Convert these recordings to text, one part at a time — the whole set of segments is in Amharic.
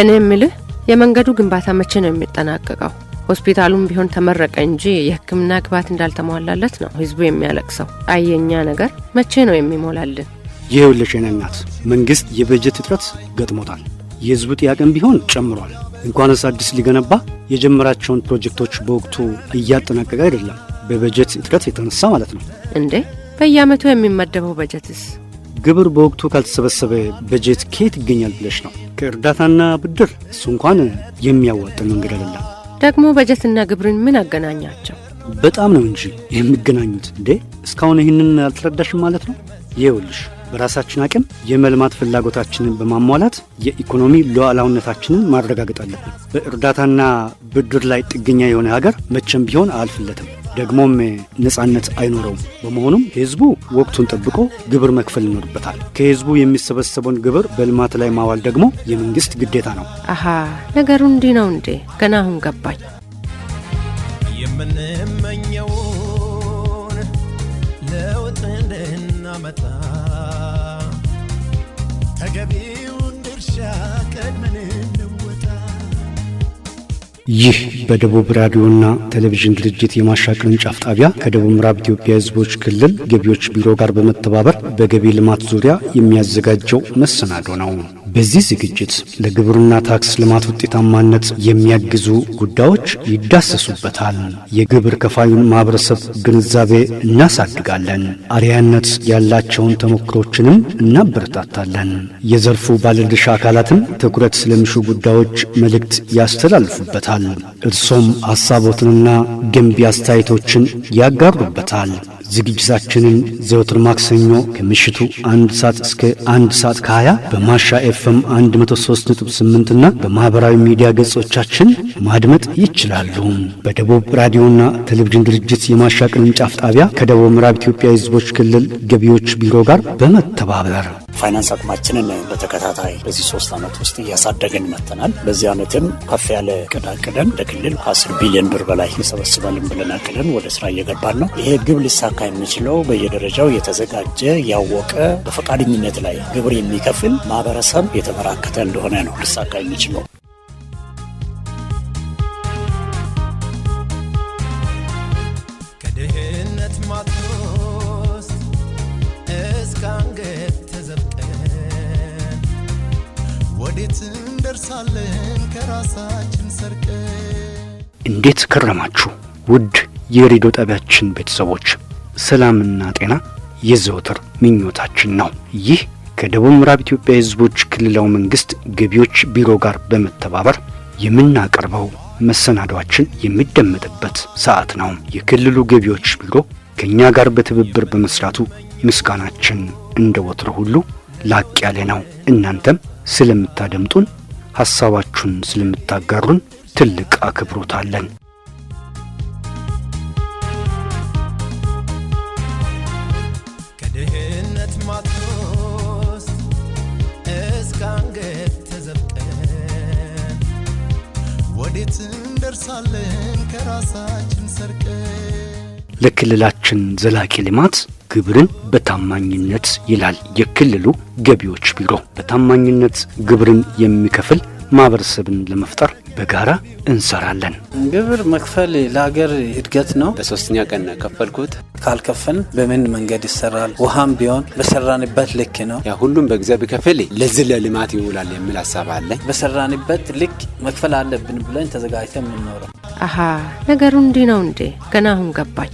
እኔ የምልህ የመንገዱ ግንባታ መቼ ነው የሚጠናቀቀው? ሆስፒታሉም ቢሆን ተመረቀ እንጂ የሕክምና ግብዓት እንዳልተሟላለት ነው ህዝቡ የሚያለቅሰው። አየኛ ነገር መቼ ነው የሚሞላልን? ይኸውልሽ የኔ እናት መንግስት የበጀት እጥረት ገጥሞታል። የህዝቡ ጥያቄም ቢሆን ጨምሯል። እንኳንስ አዲስ ሊገነባ የጀመራቸውን ፕሮጀክቶች በወቅቱ እያጠናቀቀ አይደለም። በበጀት እጥረት የተነሳ ማለት ነው። እንዴ በየአመቱ የሚመደበው በጀትስ? ግብር በወቅቱ ካልተሰበሰበ በጀት ከየት ይገኛል ብለሽ ነው? ከእርዳታና ብድር፣ እሱ እንኳን የሚያዋጥን መንገድ አይደለም። ደግሞ በጀትና ግብርን ምን አገናኛቸው? በጣም ነው እንጂ የሚገናኙት። እንዴ እስካሁን ይህንን አልተረዳሽም ማለት ነው? ይኸውልሽ በራሳችን አቅም የመልማት ፍላጎታችንን በማሟላት የኢኮኖሚ ሉዓላዊነታችንን ማረጋገጥ አለብን። በእርዳታና ብድር ላይ ጥገኛ የሆነ ሀገር መቼም ቢሆን አልፍለትም። ደግሞም ነጻነት አይኖረውም። በመሆኑም ህዝቡ ወቅቱን ጠብቆ ግብር መክፈል ይኖርበታል። ከህዝቡ የሚሰበሰበውን ግብር በልማት ላይ ማዋል ደግሞ የመንግስት ግዴታ ነው። አሃ ነገሩ እንዲህ ነው እንዴ? ገና አሁን ገባኝ። የምንመኘውን ለውጥ እንድናመጣ ተገቢውን ድርሻ ይህ በደቡብ ራዲዮና ቴሌቪዥን ድርጅት የማሻ ቅርንጫፍ ጣቢያ ከደቡብ ምዕራብ ኢትዮጵያ ሕዝቦች ክልል ገቢዎች ቢሮ ጋር በመተባበር በገቢ ልማት ዙሪያ የሚያዘጋጀው መሰናዶ ነው። በዚህ ዝግጅት ለግብርና ታክስ ልማት ውጤታማነት የሚያግዙ ጉዳዮች ይዳሰሱበታል። የግብር ከፋዩን ማህበረሰብ ግንዛቤ እናሳድጋለን። አርያነት ያላቸውን ተሞክሮችንም እናበረታታለን። የዘርፉ ባለድርሻ አካላትም ትኩረት ስለሚሹ ጉዳዮች መልእክት ያስተላልፉበታል። እርሶም ሀሳቦትንና ገንቢ አስተያየቶችን ያጋሩበታል። ዝግጅታችንን ዘወትር ማክሰኞ ከምሽቱ አንድ ሰዓት እስከ አንድ ሰዓት ከሀያ በማሻ ኤፍኤም 138 ና በማኅበራዊ ሚዲያ ገጾቻችን ማድመጥ ይችላሉ። በደቡብ ራዲዮና ቴሌቪዥን ድርጅት የማሻ ቅርንጫፍ ጣቢያ ከደቡብ ምዕራብ ኢትዮጵያ ሕዝቦች ክልል ገቢዎች ቢሮ ጋር በመተባበር ፋይናንስ አቅማችንን በተከታታይ በዚህ ሶስት ዓመት ውስጥ እያሳደግን መተናል። በዚህ ዓመትም ከፍ ያለ እቅድ አቅደን እንደ ከአስር ቢሊዮን ብር በላይ እንሰበስባለን ብለን አቅደን ወደ ስራ እየገባን ነው። ይሄ ግብ ሊሳካ የሚችለው በየደረጃው የተዘጋጀ ያወቀ በፈቃደኝነት ላይ ግብር የሚከፍል ማህበረሰብ የተበራከተ እንደሆነ ነው ሊሳካ የሚችለው። እንዴት ከረማችሁ? ውድ የሬዲዮ ጣቢያችን ቤተሰቦች ሰላምና ጤና የዘወትር ምኞታችን ነው። ይህ ከደቡብ ምዕራብ ኢትዮጵያ ህዝቦች ክልላዊ መንግስት ገቢዎች ቢሮ ጋር በመተባበር የምናቀርበው መሰናዷችን የሚደመጥበት ሰዓት ነው። የክልሉ ገቢዎች ቢሮ ከእኛ ጋር በትብብር በመስራቱ ምስጋናችን እንደ ወትሮ ሁሉ ላቅ ያለ ነው። እናንተም ስለምታደምጡን፣ ሐሳባችሁን ስለምታጋሩን ትልቅ አክብሮት አለን። ከድህነት ማትስ እስከ አንገት ተዘብቀን ወዴት እንደርሳለን ከራሳችን ሰርቀን ለክልላችን ዘላቂ ልማት ግብርን በታማኝነት ይላል የክልሉ ገቢዎች ቢሮ። በታማኝነት ግብርን የሚከፍል ማህበረሰብን ለመፍጠር በጋራ እንሰራለን። ግብር መክፈል ለሀገር እድገት ነው። በሶስተኛ ቀን ከፈልኩት። ካልከፈል በምን መንገድ ይሰራል? ውሃም ቢሆን በሰራንበት ልክ ነው። ያ ሁሉም በጊዜ ቢከፍል ለዚህ ለልማት ይውላል የሚል ሀሳብ አለ። በሰራንበት ልክ መክፈል አለብን ብለን ተዘጋጅተን የምንኖረው። አሀ ነገሩ እንዲህ ነው እንዴ? ገና አሁን ገባኝ።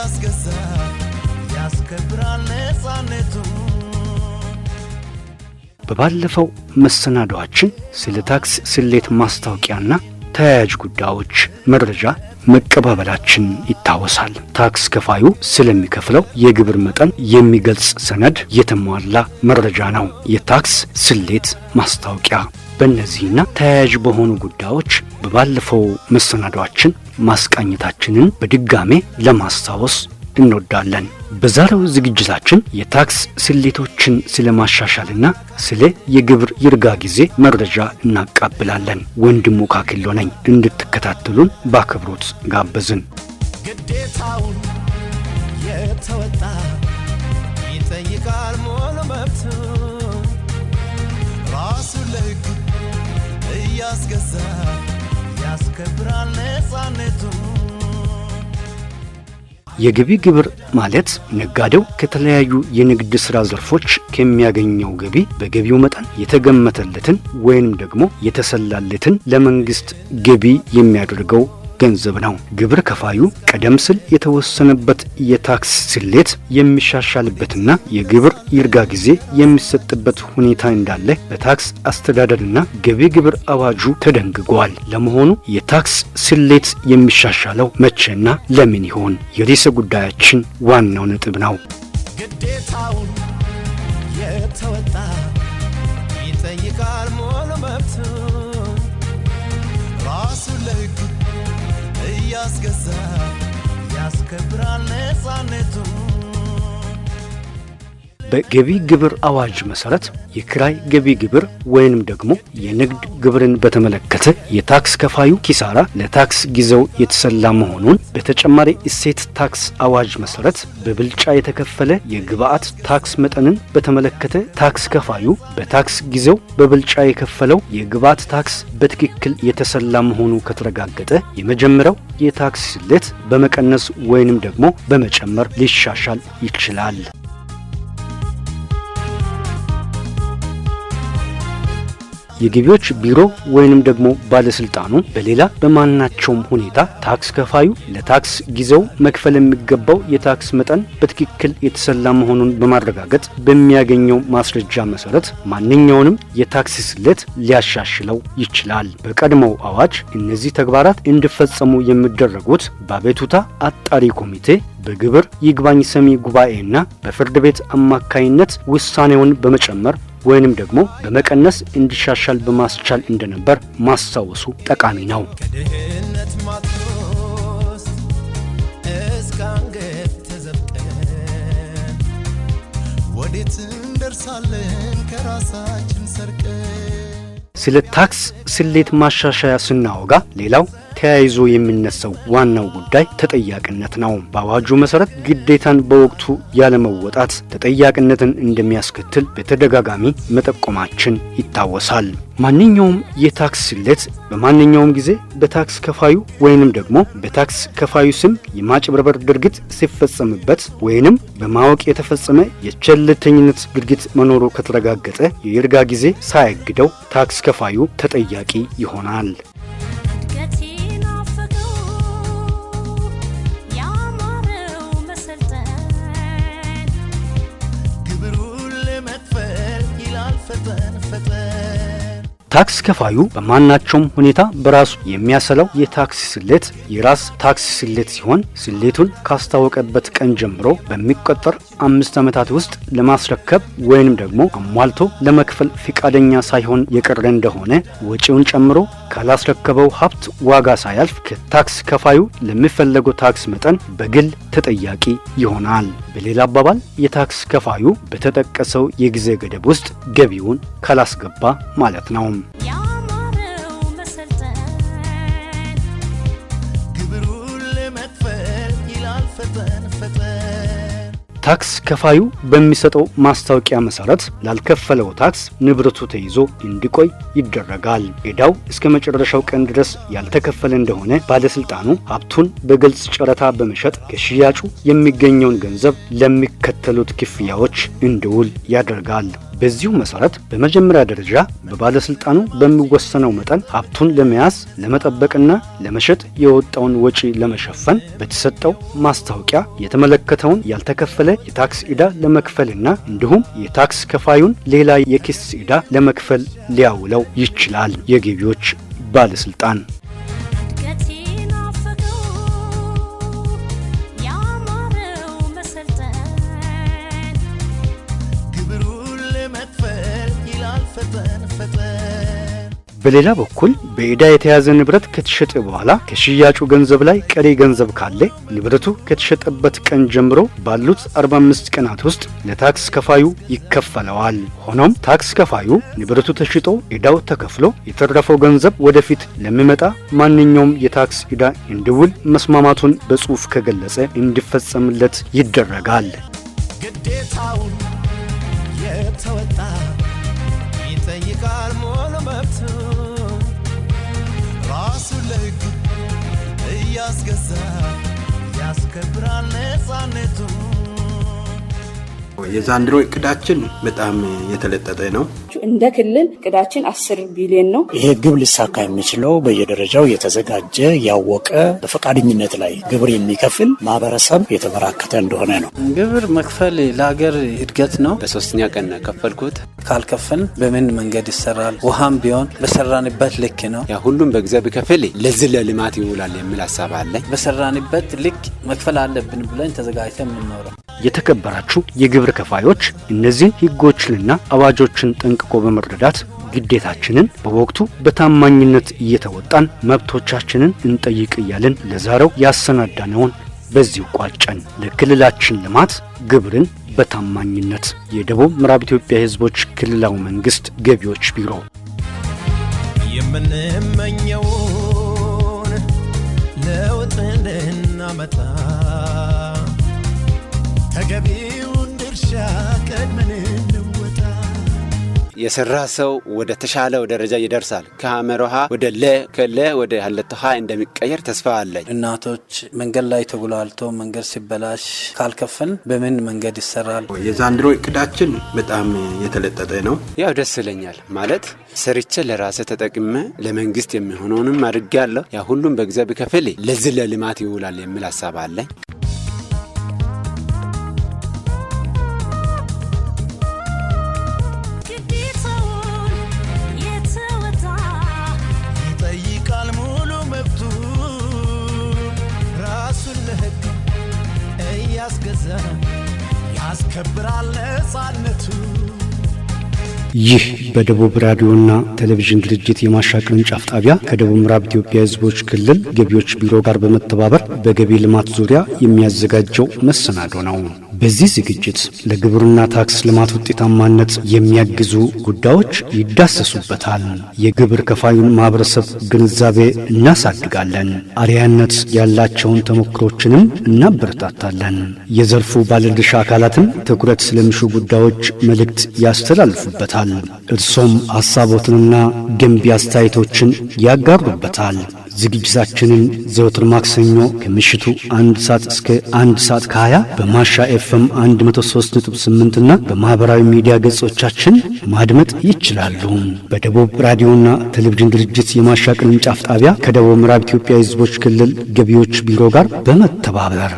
ያስገዛ ያስከብራል በባለፈው መሰናዷችን ስለ ታክስ ስሌት ማስታወቂያና ተያያዥ ጉዳዮች መረጃ መቀባበላችን ይታወሳል። ታክስ ከፋዩ ስለሚከፍለው የግብር መጠን የሚገልጽ ሰነድ የተሟላ መረጃ ነው የታክስ ስሌት ማስታወቂያ። በእነዚህና ተያያዥ በሆኑ ጉዳዮች በባለፈው መሰናዷችን ማስቃኘታችንን በድጋሜ ለማስታወስ እንወዳለን። በዛሬው ዝግጅታችን የታክስ ስሌቶችን ስለማሻሻልና ስለ የግብር ይርጋ ጊዜ መረጃ እናቃብላለን። ወንድሙ ካኪሎ ነኝ። እንድትከታተሉን በአክብሮት ጋበዝን። ግዴታውን የተወጣ ይጠይቃል የገቢ ግብር ማለት ነጋዴው ከተለያዩ የንግድ ሥራ ዘርፎች ከሚያገኘው ገቢ በገቢው መጠን የተገመተለትን ወይንም ደግሞ የተሰላለትን ለመንግስት ገቢ የሚያደርገው ገንዘብ ነው። ግብር ከፋዩ ቀደም ሲል የተወሰነበት የታክስ ስሌት የሚሻሻልበትና የግብር ይርጋ ጊዜ የሚሰጥበት ሁኔታ እንዳለ በታክስ አስተዳደርና ገቢ ግብር አዋጁ ተደንግጓል። ለመሆኑ የታክስ ስሌት የሚሻሻለው መቼና ለምን ይሆን? የርዕሰ ጉዳያችን ዋናው ነጥብ ነው። ግዴታውን የተወጣ ይጠይቃል ያስገዛ ያስከብራል ነፃነቱ በገቢ ግብር አዋጅ መሰረት የክራይ ገቢ ግብር ወይንም ደግሞ የንግድ ግብርን በተመለከተ የታክስ ከፋዩ ኪሳራ ለታክስ ጊዜው የተሰላ መሆኑን በተጨማሪ እሴት ታክስ አዋጅ መሰረት በብልጫ የተከፈለ የግብአት ታክስ መጠንን በተመለከተ ታክስ ከፋዩ በታክስ ጊዜው በብልጫ የከፈለው የግብአት ታክስ በትክክል የተሰላ መሆኑ ከተረጋገጠ የመጀመሪያው የታክስ ስሌት በመቀነስ ወይንም ደግሞ በመጨመር ሊሻሻል ይችላል። የገቢዎች ቢሮ ወይንም ደግሞ ባለስልጣኑ በሌላ በማናቸውም ሁኔታ ታክስ ከፋዩ ለታክስ ጊዜው መክፈል የሚገባው የታክስ መጠን በትክክል የተሰላ መሆኑን በማረጋገጥ በሚያገኘው ማስረጃ መሰረት ማንኛውንም የታክስ ስሌት ሊያሻሽለው ይችላል። በቀድሞው አዋጅ እነዚህ ተግባራት እንዲፈጸሙ የሚደረጉት በአቤቱታ አጣሪ ኮሚቴ በግብር ይግባኝ ሰሚ ጉባኤና በፍርድ ቤት አማካይነት ውሳኔውን በመጨመር ወይንም ደግሞ በመቀነስ እንዲሻሻል በማስቻል እንደነበር ማስታወሱ ጠቃሚ ነው። ከድህነት ማትሮስ እስከ አንገት ተዘብቀን ወዴት እንደርሳለን ከራሳችን ሰርቀን ስለ ታክስ ስሌት ማሻሻያ ስናወጋ ሌላው ተያይዞ የሚነሳው ዋናው ጉዳይ ተጠያቂነት ነው። በአዋጁ መሰረት ግዴታን በወቅቱ ያለመወጣት ተጠያቂነትን እንደሚያስከትል በተደጋጋሚ መጠቆማችን ይታወሳል። ማንኛውም የታክስ ስሌት በማንኛውም ጊዜ በታክስ ከፋዩ ወይንም ደግሞ በታክስ ከፋዩ ስም የማጭበርበር ድርጊት ሲፈጸምበት ወይንም በማወቅ የተፈጸመ የቸልተኝነት ድርጊት መኖሩ ከተረጋገጠ የይርጋ ጊዜ ሳያግደው ታክስ ከፋዩ ተጠያቂ ይሆናል። ታክስ ከፋዩ በማናቸውም ሁኔታ በራሱ የሚያሰላው የታክስ ስሌት የራስ ታክስ ስሌት ሲሆን ስሌቱን ካስታወቀበት ቀን ጀምሮ በሚቆጠር አምስት ዓመታት ውስጥ ለማስረከብ ወይንም ደግሞ አሟልቶ ለመክፈል ፈቃደኛ ሳይሆን የቀረ እንደሆነ ወጪውን ጨምሮ ካላስረከበው ሀብት ዋጋ ሳያልፍ ከታክስ ከፋዩ ለሚፈለገው ታክስ መጠን በግል ተጠያቂ ይሆናል። በሌላ አባባል የታክስ ከፋዩ በተጠቀሰው የጊዜ ገደብ ውስጥ ገቢውን ካላስገባ ማለት ነው። ታክስ ከፋዩ በሚሰጠው ማስታወቂያ መሰረት ላልከፈለው ታክስ ንብረቱ ተይዞ እንዲቆይ ይደረጋል። ዕዳው እስከ መጨረሻው ቀን ድረስ ያልተከፈለ እንደሆነ ባለስልጣኑ ሀብቱን በግልጽ ጨረታ በመሸጥ ከሽያጩ የሚገኘውን ገንዘብ ለሚከተሉት ክፍያዎች እንዲውል ያደርጋል። በዚሁ መሰረት በመጀመሪያ ደረጃ በባለስልጣኑ በሚወሰነው መጠን ሀብቱን ለመያዝ ለመጠበቅና ለመሸጥ የወጣውን ወጪ ለመሸፈን በተሰጠው ማስታወቂያ የተመለከተውን ያልተከፈለ የታክስ ዕዳ ለመክፈልና እንዲሁም የታክስ ከፋዩን ሌላ የክስ ዕዳ ለመክፈል ሊያውለው ይችላል የገቢዎች ባለስልጣን በሌላ በኩል በዕዳ የተያዘ ንብረት ከተሸጠ በኋላ ከሽያጩ ገንዘብ ላይ ቀሪ ገንዘብ ካለ ንብረቱ ከተሸጠበት ቀን ጀምሮ ባሉት 45 ቀናት ውስጥ ለታክስ ከፋዩ ይከፈለዋል። ሆኖም ታክስ ከፋዩ ንብረቱ ተሽጦ ዕዳው ተከፍሎ የተረፈው ገንዘብ ወደፊት ለሚመጣ ማንኛውም የታክስ ዕዳ እንዲውል መስማማቱን በጽሑፍ ከገለጸ እንዲፈጸምለት ይደረጋል። ግዴታውን የተወጣ ይጠይቃል ገዛ ያስከብራል ነፃነቱ የዛንድሮ እቅዳችን በጣም የተለጠጠ ነው። እንደ ክልል እቅዳችን አስር ቢሊዮን ነው። ይሄ ግብ ሊሳካ የሚችለው በየደረጃው የተዘጋጀ ያወቀ በፈቃደኝነት ላይ ግብር የሚከፍል ማህበረሰብ የተበራከተ እንደሆነ ነው። ግብር መክፈል ለሀገር እድገት ነው። በሶስተኛ ቀን ከፈልኩት። ካልከፈል በምን መንገድ ይሰራል? ውሃም ቢሆን በሰራንበት ልክ ነው። ያ ሁሉም በጊዜው ቢከፍል ለዚህ ለልማት ይውላል የሚል ሀሳብ አለ። በሰራንበት ልክ መክፈል አለብን ብለን ተዘጋጅተን የምንኖረው የተከበራችሁ የግብር ከፋዮች እነዚህን ህጎችንና አዋጆችን ጠንቅቆ በመረዳት ግዴታችንን በወቅቱ በታማኝነት እየተወጣን መብቶቻችንን እንጠይቅ እያልን ለዛሬው ያሰናዳነውን በዚሁ ቋጨን። ለክልላችን ልማት ግብርን በታማኝነት የደቡብ ምዕራብ ኢትዮጵያ ህዝቦች ክልላዊ መንግስት ገቢዎች ቢሮ የምንመኘውን ለውጥ እንድናመጣ ተገቢውን ድርሻ ቀድመን የሰራ ሰው ወደ ተሻለው ደረጃ ይደርሳል። ከአመሮሃ ወደ ለ ከለ ወደ ሀለቶሃ እንደሚቀየር ተስፋ አለኝ። እናቶች መንገድ ላይ ተጉላልቶ መንገድ ሲበላሽ ካልከፈን በምን መንገድ ይሰራል? የዛንድሮ እቅዳችን በጣም የተለጠጠ ነው። ያው ደስ ይለኛል ማለት ሰርቼ ለራሴ ተጠቅመ ለመንግስት የሚሆነውንም አድርጌያለሁ። ያ ሁሉም በጊዜ ብከፍል ለዚህ ለልማት ይውላል የሚል ሀሳብ አለኝ። ይህ በደቡብ ራዲዮና ቴሌቪዥን ድርጅት የማሻ ቅርንጫፍ ጣቢያ ከደቡብ ምዕራብ ኢትዮጵያ ሕዝቦች ክልል ገቢዎች ቢሮ ጋር በመተባበር በገቢ ልማት ዙሪያ የሚያዘጋጀው መሰናዶ ነው። በዚህ ዝግጅት ለግብርና ታክስ ልማት ውጤታማነት የሚያግዙ ጉዳዮች ይዳሰሱበታል። የግብር ከፋዩን ማህበረሰብ ግንዛቤ እናሳድጋለን። አርያነት ያላቸውን ተሞክሮችንም እናበረታታለን። የዘርፉ ባለድርሻ አካላትም ትኩረት ስለሚሹ ጉዳዮች መልእክት ያስተላልፉበታል። እርሶም ሀሳቦትንና ገንቢ አስተያየቶችን ያጋሩበታል። ዝግጅታችንን ዘወትር ማክሰኞ ከምሽቱ አንድ ሰዓት እስከ አንድ ሰዓት ከሀያ በማሻ ኤፍኤም 138 ና በማኅበራዊ ሚዲያ ገጾቻችን ማድመጥ ይችላሉ። በደቡብ ራዲዮና ቴሌቪዥን ድርጅት የማሻ ቅርንጫፍ ጣቢያ ከደቡብ ምዕራብ ኢትዮጵያ ህዝቦች ክልል ገቢዎች ቢሮ ጋር በመተባበር